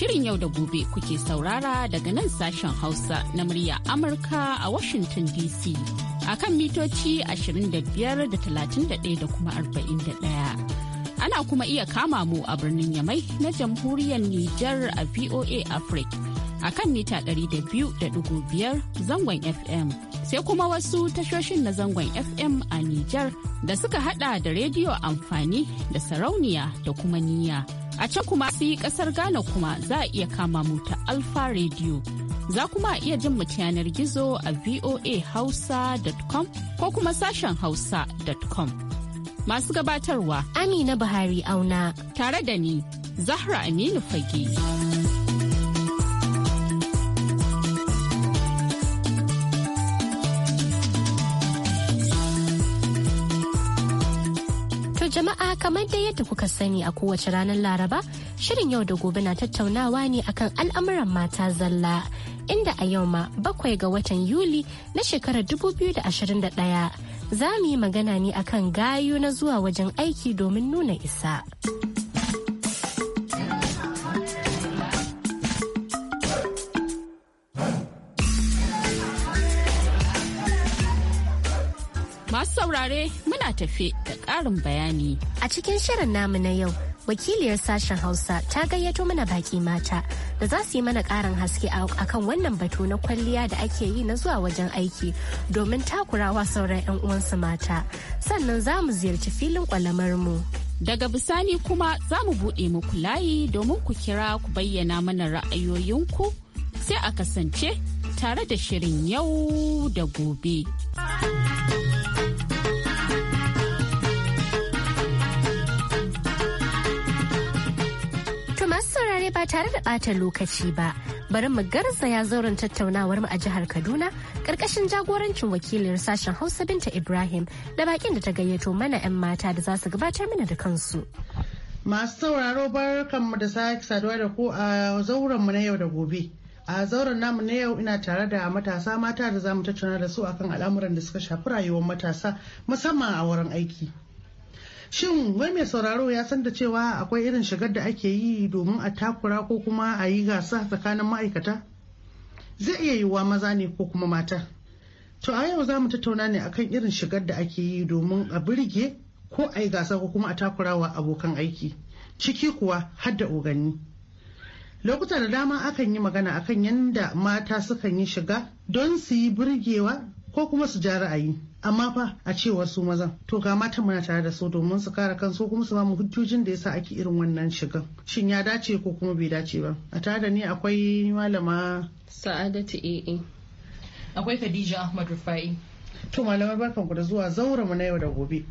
Shirin yau da gobe kuke saurara daga nan sashen Hausa na murya Amurka a Washington DC. A kan mitoci 25 da 31 da kuma 41. ana kuma iya kama mu a birnin Yamai na jamhuriyar Nijar a VOA Africa a kan mita 200.5 zangon FM. Sai kuma wasu tashoshin na zangon FM a Nijar da suka hada da rediyo amfani da sarauniya da kuma niyya. A can kuma su yi kasar Ghana kuma za a iya kama mu ta Alfa Radio. Za kuma iya jin mu yanar gizo a voahausa.com ko kuma sashen hausa.com. Masu gabatarwa Amina Buhari auna tare da ni Zahra Aminu Fage. jama'a kamar da yadda kuka sani a kowace ranar laraba shirin yau da gobe na tattaunawa ne akan al'amuran mata zalla inda a yau ma bakwai ga watan yuli na shekarar 2021 za mu yi magana ne akan gayu na zuwa wajen aiki domin nuna isa. Masu saurare muna tafe da ƙarin bayani. A cikin shirin namu na yau, wakiliyar sashen Hausa ta gayyato mana baki mata da za su yi mana ƙarin haske a kan wannan batu na kwalliya da ake yi na zuwa wajen aiki domin takurawa sauran 'yan uwansu mata. Sannan za mu ziyarci filin kwalamar mu. Daga bisani kuma za mu buɗe muku layi domin ku kira ku bayyana mana ra'ayoyinku sai a kasance tare da shirin yau da gobe. kai ba tare da ɓata lokaci ba bari mu garzaya zauren tattaunawar mu a jihar kaduna ƙarƙashin jagorancin wakilin sashen hausa binta ibrahim da bakin da ta gayyato mana 'yan mata da za su gabatar mana da kansu masu sauraro barkanmu da sake saduwa da ku a zauren mu na yau da gobe a zauren namu na yau ina tare da matasa mata da za mu tattauna da su akan al'amuran da suka shafi rayuwar matasa musamman a wurin aiki shin wai mai sauraro ya san da cewa akwai irin shigar da ake yi domin a takura ko kuma a yi gasa tsakanin ma'aikata zai iya yiwuwa maza ne ko kuma mata to a yau za mu tattauna ne akan irin shigar da ake yi domin a birge ko a yi gasa ko kuma a takura wa abokan aiki ciki kuwa har da ogani lokuta da dama akan yi magana akan yadda mata sukan yi shiga don su yi burgewa ko kuma su ja ra'ayi amma fa a cewar su maza to ga mata muna tare da su domin su kare kansu kuma su mamu hujjojin da yasa ake irin wannan shiga shin ya dace ko kuma bai dace ba a tare da ni akwai malama sa'adatu ee akwai khadija ahmad rufai to malamar barkan ku da zuwa zaura mu na yau da gobe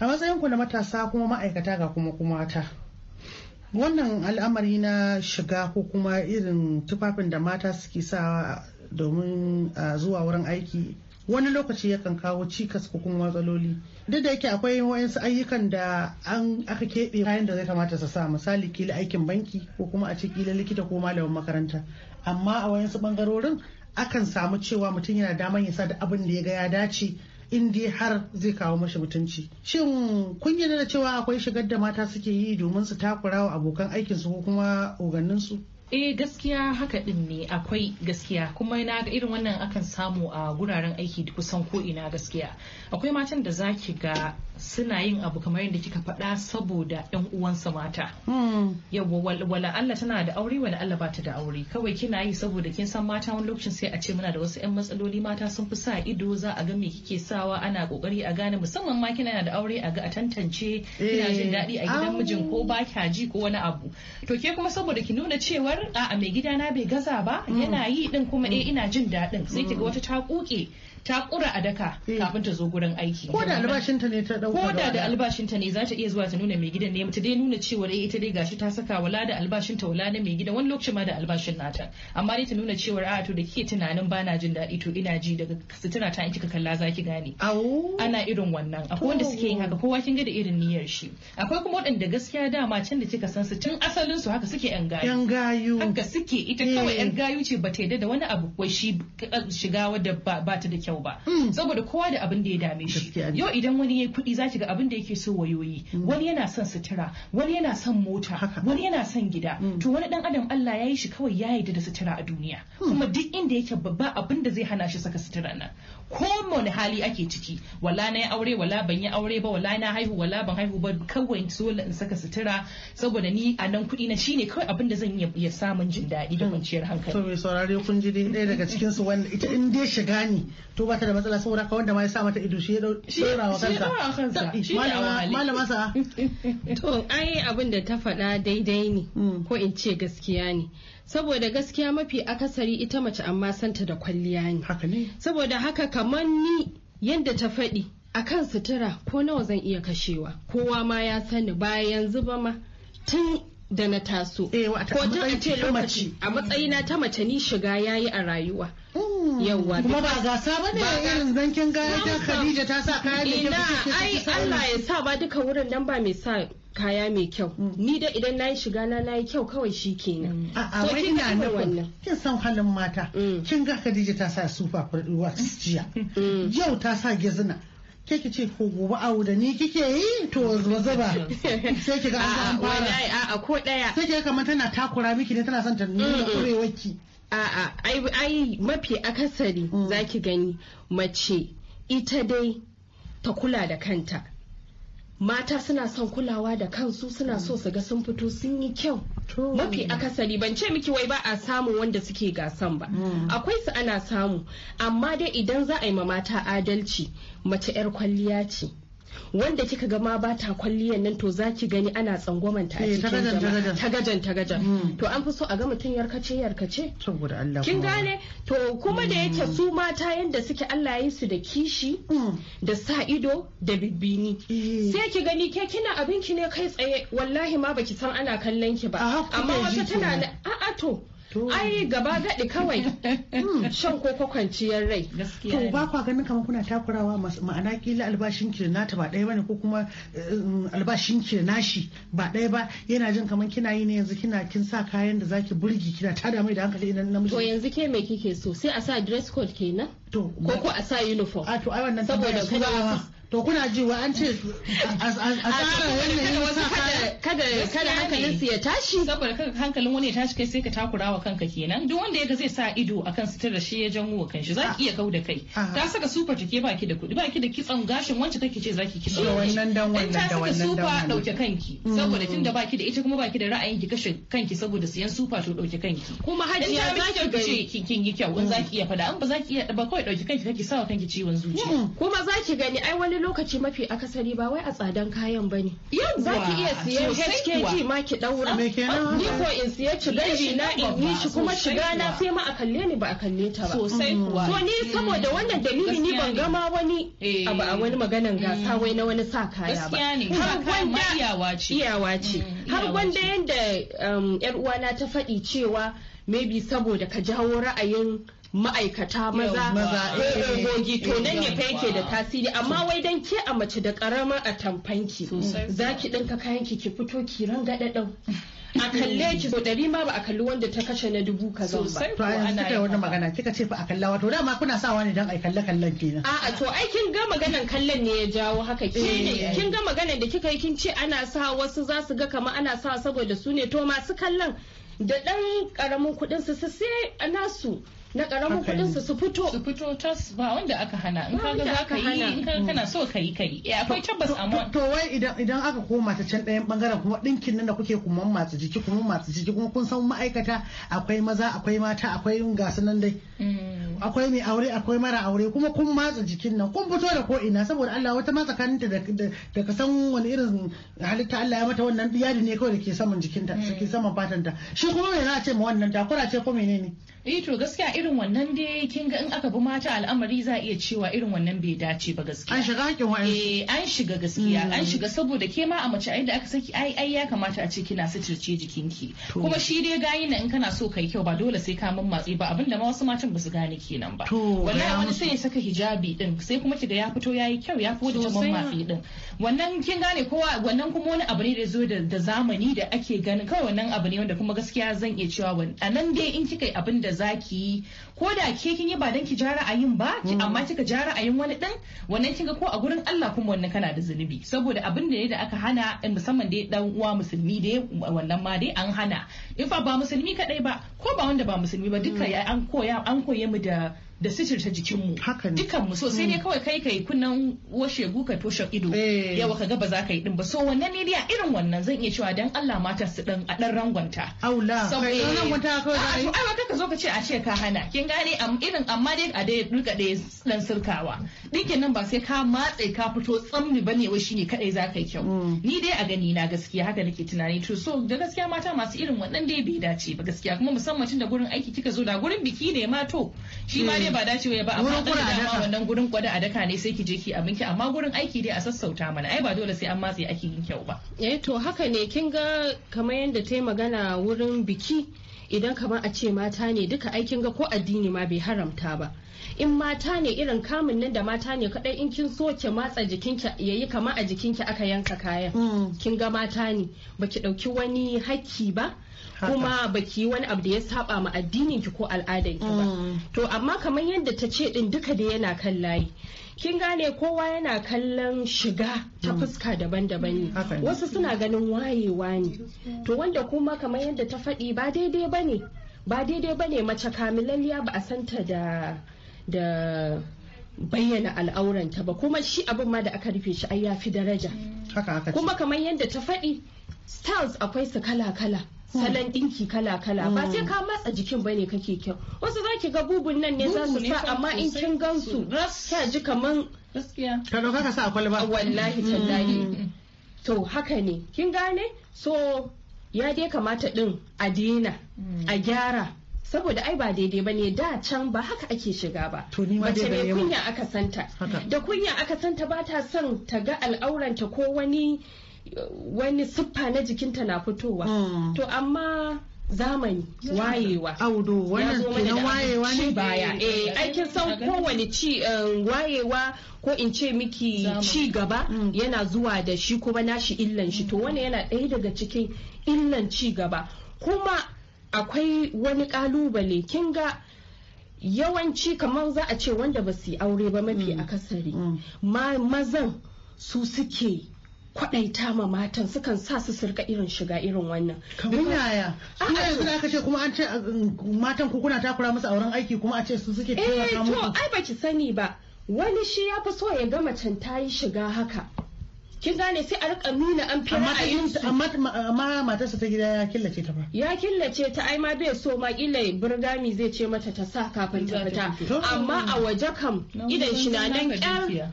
a matsayin ku na matasa kuma ma'aikata ga kuma kuma mata wannan al'amari na shiga ko kuma irin tufafin da mata suke sawa domin zuwa wurin aiki wani lokaci yakan kawo cikas ko kuma matsaloli duk da yake akwai wayansu ayyukan da an aka keɓe kayan da zai kamata su sa misali kila aikin banki ko kuma a ce kila likita ko malamin makaranta amma a wayansu bangarorin akan samu cewa mutum yana daman ya sa da abin da ya ga ya dace in dai har zai kawo mashi mutunci shin kun yi da cewa akwai shigar da mata suke yi domin su takura wa abokan aikinsu ko kuma oganninsu eh gaskiya haka din ne akwai gaskiya kuma na ga irin wannan akan samu a guraren aiki kusan ko ina gaskiya akwai matan da za ki ga suna yin abu kamar yadda kika faɗa saboda yan uwansa mata hmm. Yau wala Allah tana da aure wala Allah ba ta da aure kawai kina yi saboda kin san mata wani lokacin sai a ce muna da wasu yan matsaloli mata sun fi sa ido za a ga me kike sawa ana kokari a gane musamman ma kina da aure a ga a tantance kina jin daɗi a gidan mijin ko ba ji ko wani abu to ke kuma saboda ki nuna cewa kamar a mai gida na bai gaza ba mm. yana yi din kuma eh mm. ina jin daɗin sai kiga mm. wata ta kuke ta kura a daka kafin ta zo gurin aiki ko da albashin ta ne ta dauka ko da da albashin ta ne za ta iya zuwa ta nuna mai gidan ne ta dai nuna cewa eh ita dai gashi ta saka wala da albashin ta wala na mai gidan wani lokaci ma da albashin nata amma dai ta nuna cewa a to da kike tunanin bana jin daɗi to ina ji daga sutura ta in kika kalla zaki gane ana irin wannan akwai wanda suke yin haka kowa kin ga da irin niyyar shi akwai kuma waɗanda gaskiya dama can da kika san su tun asalin su haka suke yan yan gayi gayu haka suke ita kawai eh. yar gayu ce ba ta yadda da wani abu wai shi uh, shiga wadda ba ta da kyau ba mm. saboda kowa da abin da ya dame shi yau idan wani yayi kuɗi zaki ga abin da yake so wayoyi mm. wani yana son sutura wani yana son mota wani yana son gida mm. to wani dan adam Allah yayi yi shi kawai ya yarda da sutura a duniya hmm. kuma duk inda yake babba abin da zai hana shi saka sutura nan ko wani hali ake ciki wala na ya aure wala ban yi aure ba wala na haihu wala ban haihu ba kawai so in saka sutura saboda ni a nan kuɗi na shine kawai abin da zan iya samun jin daɗi da hmm. kwanciyar hankali. to mai saurare kun ji dai ɗaya daga cikin su wanda ita in dai shiga ni to ba ta da matsala saboda ka wanda ma ya sa mata ido shi ya ɗora wa kansa. malama sa. to ai abin da ta faɗa daidai ne hmm. ko in ce gaskiya ne saboda gaskiya mafi akasari ita mace amma santa da kwalliya ne saboda haka kamar ni yadda ta faɗi akan sutura ko nawa zan iya kashewa kowa ma ya sani bayan zuba ma tun da na taso eh, ko ta ce lokaci a matsayina ta mace ni shiga yayi a rayuwa hmm. yawwa kuma ba gasa ba ne irin zankin gaya ta Khadija ta sa kayan da ke ai Allah ya sa ba duka wurin nan ba mai sa kaya mai kyau mm. ni da idan na yi shiga na na yi kyau kawai shi kenan mm. a wai na nufin kin san halin mata mm. kin ga Khadija ta sa sufa farduwa jiya yau ta sa gezina ke ki ce ko gobe awo da ni kike yi to zuba sai ki ga an fara a ko daya sai ki ga kamar tana takura miki ne tana son ta nuna kurewarki a'a ai mafi akasari zaki gani mace ita dai ta kula da kanta mata suna son kulawa da kansu suna so su ga sun fito sun yi kyau mafi akasari ban ce miki wai ba a samu wanda suke gasan ba hmm. akwai su ana samu amma dai idan za a yi ma mata adalci mace 'yar kwalliya ce wanda kika gama ma ba ta kwalliyan nan to za ki gani ana tsangwaman a eh, cikin jama'a ta tagajan hmm. to an fi so a ga mutum yarkace yarkace saboda kin gane to kuma da yake hmm. su mata yanda suke Allah yi su da kishi hmm. da sa ido da Bibini. Eh. sai ki gani ke kina abinki ne kai tsaye wallahi ma baki san ana kallon ki ba amma wata tana a'a to ai gaba gaɗi kawai hmm. shan koko kwanciyar rai to ba kwa ganin kamar kuna takurawa ma'ana kila albashin kira nata ba ɗaya bane ko kuma eh, albashin kira nashi ba ɗaya ba yana jin kamar kina yi ne yanzu kina kin sa kayan da zaki burgi kina tada mai da hankali idan namiji to yanzu ke me kike so sai a sa dress code kenan to ko ko a sa uniform a to ai wannan saboda kada to kuna ji wa an ce a tsara yanayin wasu kada kada hankalin su ya tashi saboda kada hankalin wani ya tashi kai sai ka takura wa kanka kenan duk wanda yaga zai sa ido akan da shi ya janwo wa kanshi zaki iya kau da kai ta saka super take baki da kudi baki da kitsan gashin wacce take ce zaki kitsa da wannan dan wannan da wannan dan super dauke kanki mm. saboda tunda baki da ita kuma baki da ra'ayin ki kashe kanki saboda siyan super to dauke kanki kuma hajiya zaki ce kin yi kyau in zaki iya fada an ba zaki iya ba kai dauke kanki kake sawa kanki ciwon zuciya mm. kuma zaki gani ai wani lokaci mafi akasari ba wai a tsadan kayan bane za ki iya siyan HKG ma ki ɗaura. Ah, ni ko in siya gaji na in yi shi kuma shiga na sai ma a kalle ni ba a kalle ta ba sosai mm-hmm. kuwa to ni saboda mm. wannan dalili ni ban gama wani eh. abu a wani maganan gasa mm. wai na wani sa kaya ba har gwanda iyawa ce iyawa ce mm, har gwanda yanda um, yar uwana ta faɗi cewa maybe saboda ka jawo ra'ayin ma'aikata maza gogi to nan ne fa yake da tasiri amma wai dan ke a mace da ƙarama a tamfanki zaki dinka kayan ki ki fito ki ranga dadau a kalle ki so ɗari ma ba a kalli wanda ta kashe na dubu kaza ba. To a yanzu kika wani magana kika ce fa a kalla wato dama kuna sawa ne don a kalle kallon kenan. A'a to ai kin ga maganan kallon ne ya jawo haka ke eh, ne kin ga maganan da kika yi kin ce ana sa wasu za su ga kamar ana sa saboda su ne to masu kallon da ɗan ƙaramin kuɗin su sai nasu. na karamin kudin su su fito su fito tas ba wanda aka hana in ka za ka yi in ka kana so ka yi kai eh akwai tabbas amma to wai idan idan aka koma ta can ɗayan bangaren kuma dinkin nan da kuke kuma masu jiki kuma masu jiki kuma kun san ma'aikata akwai maza akwai mata akwai gasu nan dai mm. akwai mai aure akwai mara aure kuma kun matsa jikin nan kun fito da ko ina saboda Allah wata ma tsakaninta da ka san wani irin halitta Allah ya mata wannan yadi ne kawai da ke saman jikinta mm. ke saman fatanta shi kuma ne za a ce ma wannan takura ce ko menene eh to gaskiya irin wannan dai kin ga in aka bi mata al'amari za iya cewa irin wannan bai dace ba gaskiya an shiga hakkin wa'ansu eh an shiga gaskiya an mm. shiga saboda ke ma a mace a da aka saki ai ai ya kamata a ce kina suturce jikinki kuma shi dai gayi na in kana so kai kyau ba dole sai ka min matsi ba abinda ma wasu matan ba su gane kenan ba to wannan wani sai ya saka hijabi din sai kuma kiga ya fito yayi kyau ya fito da man matsi din wannan kin gane kowa wannan kuma wani abu ne da zo da zamani da ake ganin kawai wannan abu ne wanda kuma gaskiya zan iya cewa a nan dai in kika yi abinda za ki yi ko da ke kin yi ba dan ki ja ra'ayin ba hmm. amma kika ja ra'ayin wani din wannan kinga ko a gurin Allah kuma wannan kana da zunubi saboda abin da ne da aka hana eh, musamman dai dan uwa musulmi da wannan ma dai an hana in fa ba musulmi kadai ba ko ba wanda ba musulmi ba duka hmm. an koya an koye mu da da jikin jikinmu dukan mu so sai ne hmm. kawai kai kai kunnan washe guka toshe ido eh. yawa kaga ba za ka yi din ba so wannan ne dai irin wannan zan iya cewa dan Allah mata su dan a dan rangwanta aula kai rangwanta kawai ai ai wata ka zo ka ce a ce ka hana kin gane irin amma dai a dai duka dai dan sirkawa dinkin nan ba sai ka matse ka fito tsammi bane wai shine kadai za ka yi kyau hmm. ni dai a gani na gaskiya haka nake tunani to so da gaskiya mata masu irin wannan dai bai dace ba gaskiya kuma musamman tun da gurin aiki kika zo da gurin biki ne ma to shi ma hmm. ba dacewa ba a kan da dama wannan gurin kwada a daka ne sai ki je ki abin ki amma gurin aiki dai a sassauta mana ai ba dole sai an matse ake yin kyau ba eh to haka ne kin ga kamar yadda tayi magana wurin biki idan kamar a ce mata ne duka aikin ga ko addini ma bai haramta ba in mata ne irin kamun nan da mata ne kadai in kin so ki matsa jikinki yayi kamar a jikin ki aka yanka kayan mm. kin ga mata ne baki dauki wani hakki ba kuma baki wani abu da ya saba ma addinin ki ko al'adar ki ba mm. to amma kamar yadda ta ce din duka da yana kan layi kin gane kowa yana kallon shiga ta mm. fuska daban-daban ne wasu suna ganin wayewa ne to wanda kuma kamar yadda ta faɗi ba daidai ba ne ba daidai ba ne mace kamilalliya ba a santa da da bayyana al'auranta ba kuma shi abin ma da aka rufe shi ai ya fi daraja kuma kamar yadda ta faɗi styles akwai su kala-kala salon dinki kala kala ba hmm. sai ka matsa jikin ba bane kake kyau wasu za ki ga bubun nan ne za su sa amma in kin gansu sa ji kaman gaskiya ka dauka ka sa kwalba wallahi tallahi hmm. to haka ne kin gane so ya dai kamata din a dina hmm. a gyara saboda ai ba daidai ba ne da can ba haka ake shiga ba mace mai kunya aka santa da kunya aka santa ba ta son ta ga al'auranta ko wani wani siffa na jikinta na fitowa hmm. to amma zamani wayewa audo wannan kenan wayewa ne baya eh aikin san kowane ci eh, wayewa ko in ce miki ci gaba hmm. yana zuwa da shi kuma nashi illan shi to hmm. wani yana ɗaya daga cikin illan ci gaba kuma akwai wani kalubale kin ga yawanci kamar za a ce wanda ba su yi aure ba mafi akasari mazan su suke kwaɗaita ma matan sukan sa su surka irin shiga irin wannan. Kamar yaya? Kuma yanzu da aka ce kuma an ce uh, matan ku kuna takura musu auren aiki kuma a ce su suke taimaka muku. Eh to ai baki sani ba. Wani shi ya fi so ya ga macen ta yi shiga haka. kin gane sai a rika nuna an fi ra'ayin su. amma matarsa ta gida ya killace ta ba ya killace ta ai ma bai so ma kila burgami zai ce mata ta sa kafin ta fita amma a waje kam idan shi na nan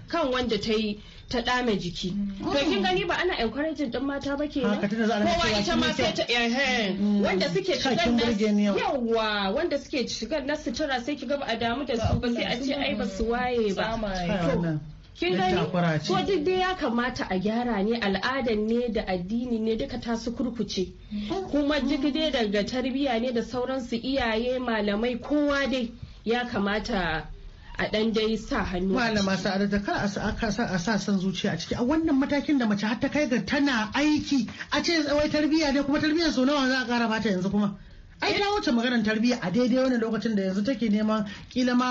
kan wanda ta yi ta dame jiki mm. to kin oh. gani ba ana encouraging din mata ba ke kowa ita ma sai ta mm. wanda suke shigar na yawa wanda suke shigar na sutura sai ki ga ba a damu da su ba sai a ce ai ba su waye ba kin gani ko duk dai ya kamata a gyara ne al'adan ne da addini ne duka ta su kurkuce mm. kuma duk dai daga tarbiyya ne da sauransu iyaye malamai kowa dai ya kamata a dan dai sa hannu malama sa'ada da kar a sa san zuciya a ciki a wannan matakin da mace har ta kai ga tana aiki a ce tsawai tarbiyya ne kuma tarbiyyar so nawa za a kara mata yanzu kuma ai ta wuce maganar tarbiyya a daidai wani lokacin da yanzu take neman kila ma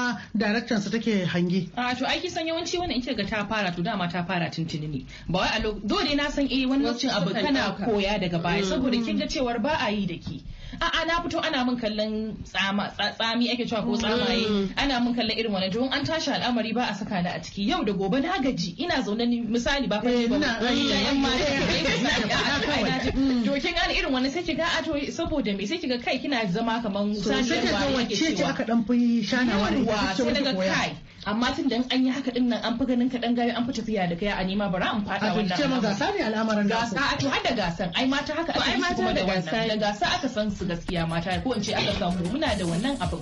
take hange a to aiki san yawanci wannan in ga ta fara to dama ta fara tuntuni ne ba wai a dole na san eh wannan cin abu kana koya daga baya mm. saboda kin ga cewar ba a yi da ki a'a na fito ana min kallon tsami ake cewa ko tsamaye mm. ana min kallon irin wannan don an tashi al'amari ba a saka ni a ciki yau da gobe na gaji ina zaune ni misali ba fa ba eh, da yamma mm. to kin gane irin wannan sai kiga a ah, to saboda me sai kiga kai kina zama kaman cewa sai kiga wacce aka dan fi shanawa da sai ce kai amma tun da an yi haka dinnan an fi ganin kaɗan gayo an fi tafiya da kai a nema bara an fada wannan a ma gasa ne al'amarin gasa gasa to har da gasan ai mata haka ai mata da gasa da gasa aka san su gaskiya mata ko in ce aka samu muna da wannan abin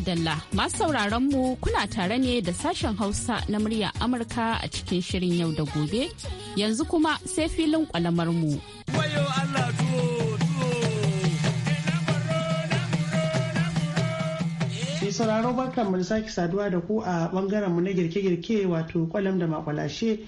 Adalla masu sauraron mu kuna tare ne da sashen Hausa na murya Amurka a cikin shirin yau da gobe yanzu kuma sai filin kwalamar mu. sauraro barkan mu sake saduwa da ku a bangaren mu na girke-girke wato kwalam da makwalashe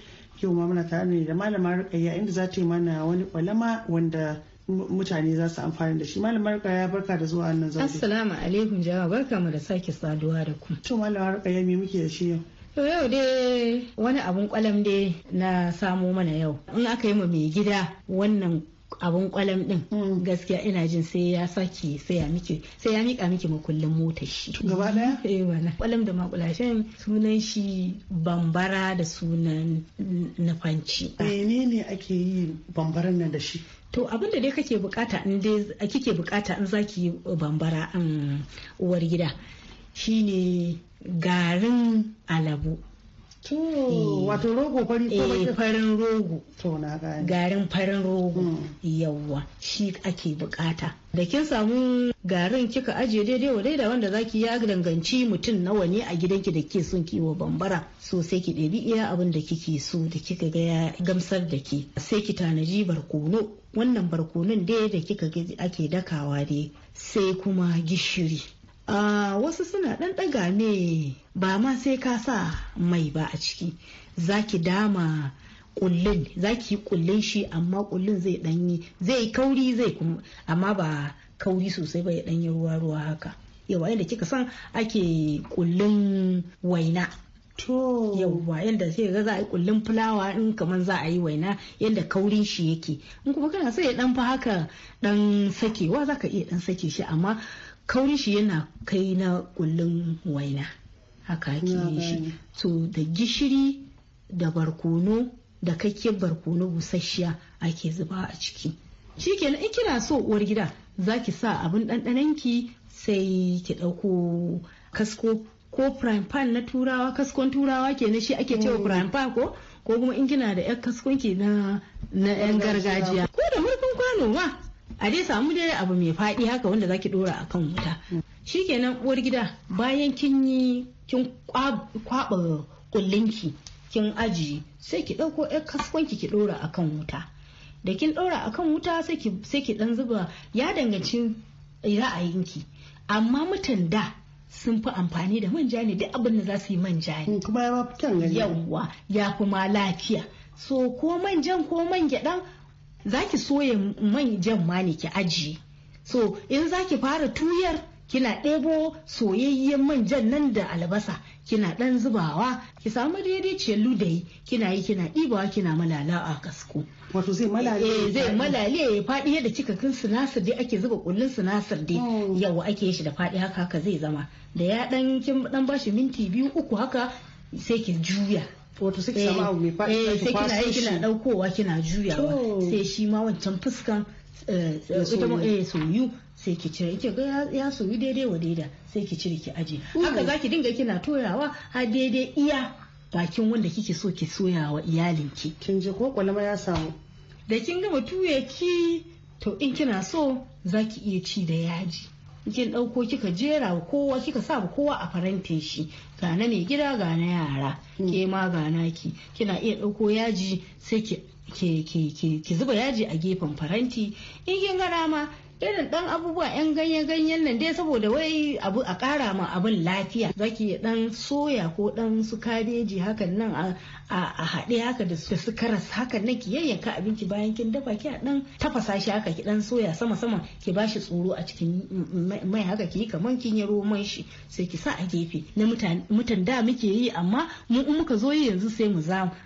yau ma muna tare ne da malama rukayya inda za ta yi mana wani kwalama wanda mutane za su amfani da shi malamar ya barka da zuwa nan zaune assalamu alaikum jama'a barka mu da sake saduwa da ku to malamar ya mi muke da shi yau To yau dai wani abun kwalam dai na samo mana yau. In aka yi ma mai gida wannan abun kwalam din mm. gaskiya ina jin sai ya saki sai ya miki sai ya mika miki makullin motar shi gaba daya eh wala kwalam da makulashin sunan shi bambara da sunan Nafanci. menene ake yi bambaran nan da shi To abin da dai kake bukata in dai kike bukata in zaki bambara an um, uwar gida shine garin alabu Eh, wato rogo fari ko baki eh, farin rogo. To na gane. Garin farin rogo. Hmm. Yawwa, shi ake bukata. Da kin samu garin kika ajiye daidai wa daidai wanda zaki ya danganci mutum nawa ne a gidanki da ke son wa bambara. So sai ki ɗebi iya abin da kike so da kika ga ya gamsar da ke. Sai ki tanaji barkono. Wannan barkonon dai da kika ga ake dakawa dai. Sai kuma gishiri. A wasu suna ɗan ɗaga ne ba ma sai ka sa mai ba a ciki za ki dama ƙullin za ki yi kullun shi amma kullun zai ɗanyi zai kauri zai kuma amma ba kauri sosai ba ya ɗanyi ruwa-ruwa haka yawa yadda kika san ake kullun waina To. ba yadda sai ga za a yi kullun fulawa in kamar za a yi waina yadda kaurin shi yake. In kuma kana sai ya dan fa haka dan sakewa za ka iya dan sake shi amma kauri shi yana kai na kullun waina haka ake yi shi to da gishiri da barkono da kakke barkono busasshiya ake zuba a ciki shikenan in kina so uwar gida ki sa abin ɗanɗananki sai ki ɗauko kasko ko prime pan na turawa kaskon turawa ke na shi ake cewa prime mm. pan ko ko kuma in kina da yan kaskon na na yan gargajiya ko da murfin kwano ma a dai samu dai abu mai faɗi haka wanda zaki dora a kan wuta mm. shikenan uwar gida bayan kin yi kin kwaba kullinki kin aji sai ki ɗauko yar kaskonki ki dora a kan wuta da kin dora a kan wuta sai ki dan zuba ya danganci ra'ayinki amma mutan da sun fi amfani da manja ne duk abin da za su yi manja ne mm, kuma ya fi yawwa ya fi ma lafiya so ko manjan ko man gyaɗan zaki soya man jan ma ne ki ajiye so in zaki fara tuyar kina ɗebo soyayyen manjan nan da albasa kina ɗan zubawa ki samu daidaiciyar ludayi kina yi kina ɗibawa kina malala a kasko wato zai malale eh zai malale ya faɗi yadda cikakken sinasir dai ake zuba kullun sinasir dai oh. yawa ake shi da faɗi haka haka zai zama da ya ɗan kin ɗan bashi minti biyu uku haka sai ki juya wato suke eh. sama abu mai faɗi eh, sai kina yi kina daukowa kina juyawa sai shi ma wancan fuskan eh, ita ma eh soyu sai ki cire ki ga ya soyu daidai wa daida sai ki cire ki aje haka zaki dinga kina toyawa har daidai iya bakin wanda kike so ki soyawa iyalinki kin je ko kwalama ya samu da kin gama tuye ki to in kina so zaki iya ci da yaji kin ɗauko kika jera kowa kika sa kowa a farantin shi ga na mai gida ga na yara mm. ke ma ga naki kina iya ɗauko yaji sai ki zuba yaji a gefen faranti in kin ga dama irin dan abubuwa yan ganye ganyen nan dai saboda wai abu a kara ma abin lafiya zaki dan soya ko dan su kabeji hakan nan a haɗe haka da su karas hakan nan ki yayyanka abinci bayan kin dafa ki dan tafasa shi haka ki dan soya sama sama ki bashi tsoro a cikin mai haka ki kaman kin yi roman shi sai ki sa a gefe na mutan da muke yi amma mu in muka zo yi yanzu sai mu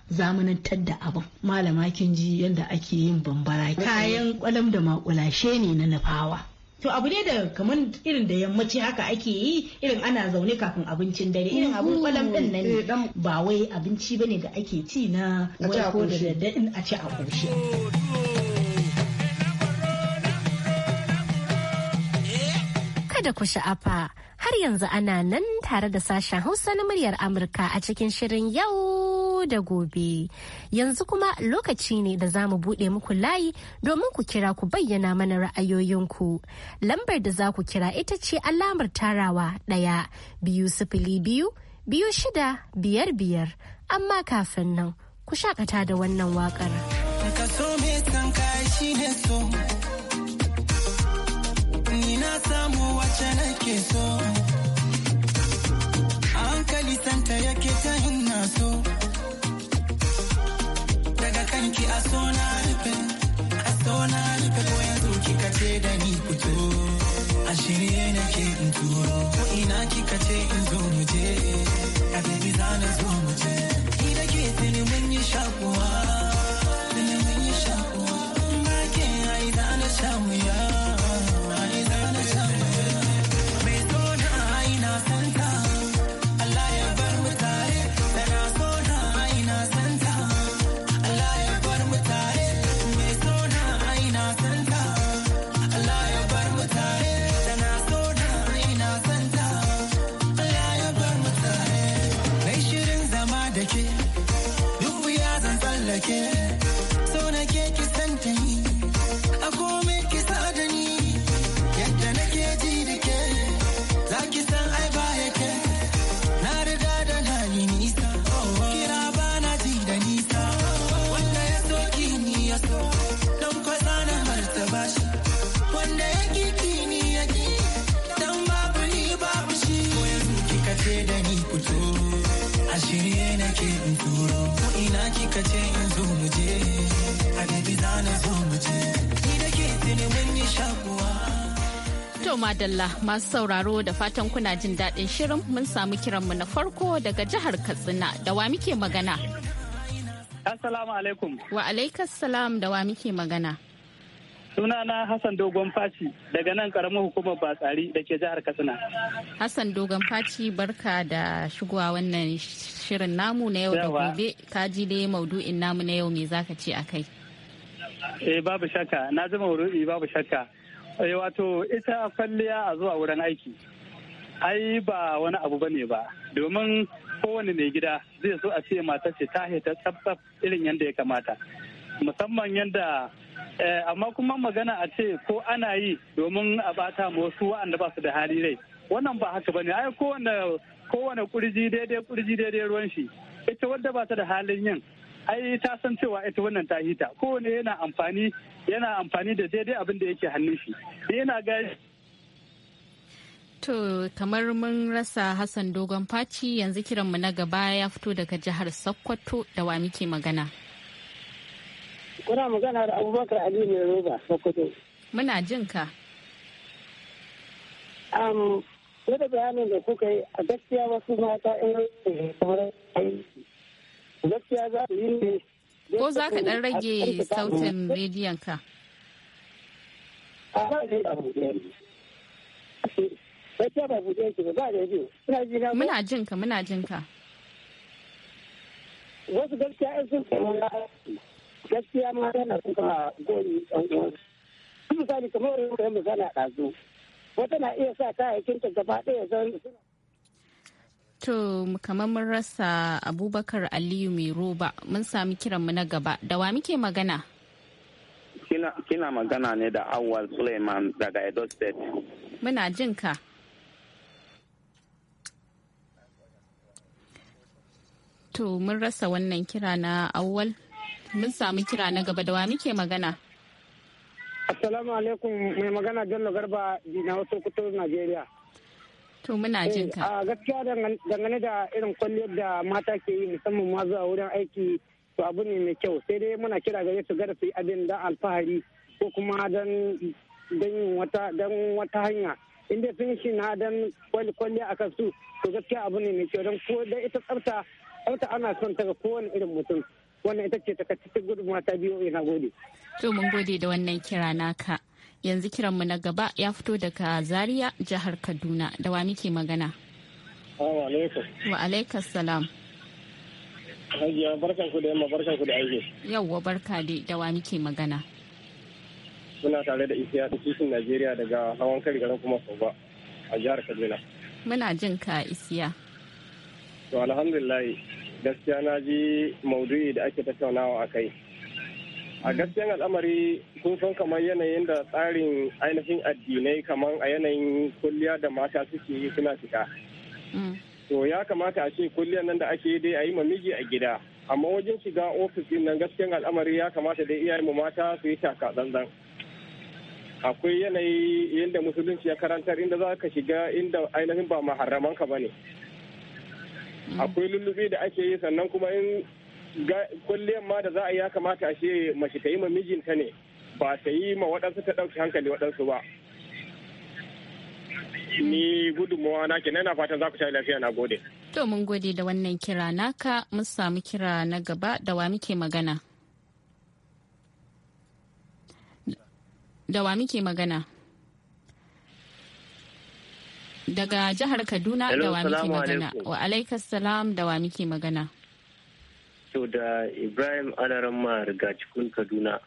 zamanantar da abin malama kin ji yadda ake yin bambara kayan kwalam da makulashe ne na tafawa to abu ne da kamar irin da yammaci haka ake yi irin ana zaune kafin abincin dare irin abun kwalam din nan eh, ba wai abinci bane da ake ci na wani ko da in a ci a ƙoshi. kada ku sha'afa har yanzu ana nan tare da sashen hausa na muryar amurka a cikin shirin yau da gobe. Yanzu kuma lokaci ne da za mu buɗe muku layi domin ku kira ku bayyana mana ra'ayoyinku. Lambar da za ku kira ita ce alamar tarawa ɗaya biyu sifili biyu biyu shida biyar biyar amma kafin nan ku shakata da wannan wakar so a so na rufe a so ce da ni fito a shirye nake in turo ko ina kika ce in zo To Madalla masu sauraro da fatan kuna jin daɗin shirin mun samu kiranmu na farko daga jihar Katsina da wa muke magana. Assalamu alaikum. Wa alaikas salam da wa muke magana. Sunana Hassan Dogon Faci daga nan karamin hukumar Batsari da ke jihar Katsina. Hassan Dogon Faci barka da shigowa wannan shirin namu na yau da gobe ka ji dai maudu'in namu na yau me zaka ce a kai. Eh babu shakka na ji maudu'i babu shakka. Eh, wato ita kwalliya a zuwa wurin aiki ai ba wani abu bane ba domin kowane mai gida zai so a ce mata ce ta hita tsaf irin yadda ya kamata musamman yadda eh, amma kuma magana a ce ko ana yi domin a bata ma wasu wa'anda ba su da hali rai wannan ba haka bane ai kowane kowane kurji daidai kurji daidai ruwan shi ita wadda ba ta da halin yin ai ta san cewa ita wannan ta hita kowane yana amfani yana amfani da daidai abin da yake hannun shi yana ga To kamar mun rasa Hassan Dogon Faci yanzu kiranmu na gaba ya fito daga jihar Sokoto da wa muke magana. Kuna magana Abubakar Ali mai roba Sokoto. Muna jin ka. Um, bayanin da kuka yi a gaskiya wasu mata in kamar aiki gaskiya za yi ne ko za ka ɗan rage sautin bidiyon ka muna jin ka muna jin ka wasu gaskiya yan sun samu gaskiya ma yana suka gori ɗan uwan misali kamar yadda misali a ɗazu wata na iya sa kayayyakin ta gaba ɗaya zan to kamar mun rasa abubakar aliyu mai roba mun sami kiranmu na gaba da wa muke magana kina, magana ne da awal suleiman daga edo state muna jin ka to mun rasa wannan kira na awal mun sami kira na gaba da wa muke magana assalamu alaikum mai magana jallo garba na wasu kutur najeriya To muna eh, jin ka. A gaskiya dangane da irin kwalliyar da mata ke yi musamman ma zuwa wurin aiki to abu ne mai kyau sai dai muna kira gare su gara su yi abin da alfahari ko kuma don wata wata hanya inda sun shi na dan kwalli a kan su to gaskiya abu ne mai kyau don ko da ita tsafta tsafta ana son ta ga kowane irin mutum wannan ita ce takaitaccen gudunmawa ta biyu ina eh, gode. To mun gode da wannan kira naka. yanzu kiranmu na gaba ya fito daga zaria jihar kaduna da wa muke magana wa alaikas salam hajiya barka ku da yamma barka ku da aiki yauwa barka dai da wa muke magana suna tare da isiya cikin najeriya daga hawan kari garin kuma soba a jihar kaduna muna jin ka isiya to alhamdulillah gaskiya na ji maudu'i da ake tattaunawa a kai a gaskiyan al'amari kun san kamar yanayin da tsarin ainihin addinai kamar a yanayin kulliya da mata suke yi suna fita mm. to ya kamata a ce kulliyan nan da ake dai a yi miji a gida amma wajen shiga ofis din nan gaskiyan al'amari ya kamata dai iyaye mu mata su yi taka zanzan akwai yanayi yadda musulunci ya karantar inda za ka shiga inda ainihin ba maharamanka ba ne mm. akwai lullubi da ake yi sannan kuma in kwalliyar ma da za a yi ya kamata ashe mace ta yi ma mijinta ne ba ta yi ma waɗansu ta ɗauki hankali waɗansu ba ni gudunmawa na kenan na fatan za ku sha lafiya na gode to mun gode da wannan kira naka mun samu kira na gaba da wa muke magana da wa muke magana daga jihar kaduna da wa muke magana wa alaikas salam da wa muke magana to da ibrahim alaramma riga rigacikun kaduna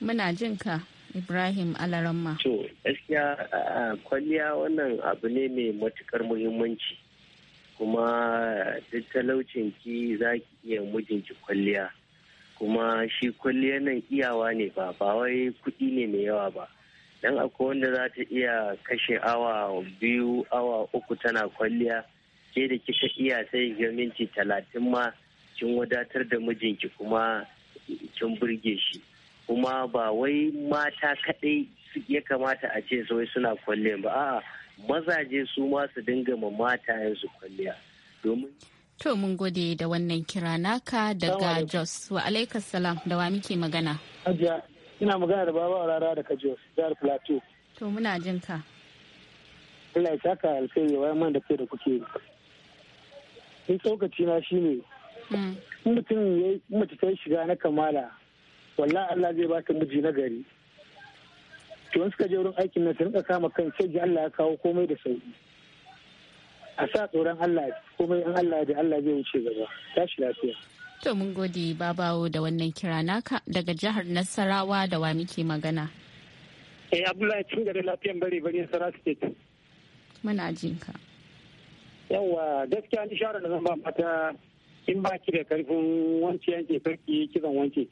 muna jin ka ibrahim alaramma to gaskiya kwalliya wannan abu ne mai matukar muhimmanci kuma duk talaucin ki za ki iya mujinki kwalliya kuma shi kwalliya nan iyawa ne ba ba wai kuɗi ne mai yawa ba dan akwai wanda za ta iya kashe awa biyu awa uku tana kwalliya ke da kika iya sai ga minti talatin ma kin wadatar da mijinki kuma kin burge shi kuma ba wai mata kaɗai ya kamata a ce wai suna kwalliya ba a'a mazaje su ma su dinga ma mata yanzu kwalliya domin to mun gode da wannan kira naka daga jos wa alaikas salam da wa muke magana Ajiya, ina magana da baba rara daga jos jihar plateau to muna jin ka Allah ya saka alkhairi wa man da kai da kuke yi tsokaci na shine Mm. mutum ya mace ta shiga na kamala wallah Allah zai baka miji na gari to suka je wurin aikin na su kasa kama kan sai Allah ya kawo komai da sauki a sa tsoron Allah komai in Allah da Allah zai wuce gaba tashi lafiya to mun gode babawo da wannan kira naka daga jihar Nasarawa da wa muke magana eh Abdullahi tun gare lafiyan bare bare Nasarawa state muna jinka yawa gaskiya ni shara da zan ba mata in ba ki da karfin wanke yanke sarki kisan wanke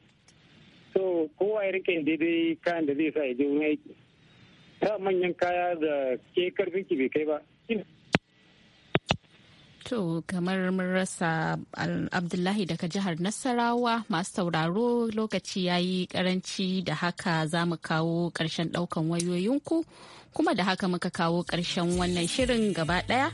so kowa ya rinka daidai kayan da zai sa ya je wurin aiki ta manyan kaya da ke karfin ki bai kai ba To kamar mun rasa Abdullahi daga jihar Nasarawa masu sauraro lokaci ya yi karanci da haka za mu kawo ƙarshen ɗaukan wayoyinku kuma da haka muka kawo ƙarshen wannan shirin gaba ɗaya.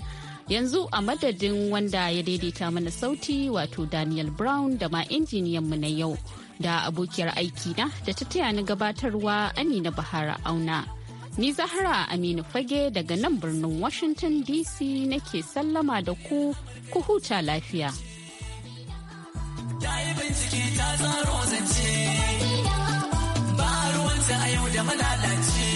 yanzu a madadin wanda ya daidaita mana sauti wato daniel brown da ma injiniyan mu na yau da abokiyar aiki na da ta taya ni gabatarwa amina bahara auna ni zahara aminu fage daga nan birnin washington dc nake sallama da ku ku huta lafiya bincike ta zance ba ruwanta a yau da malalace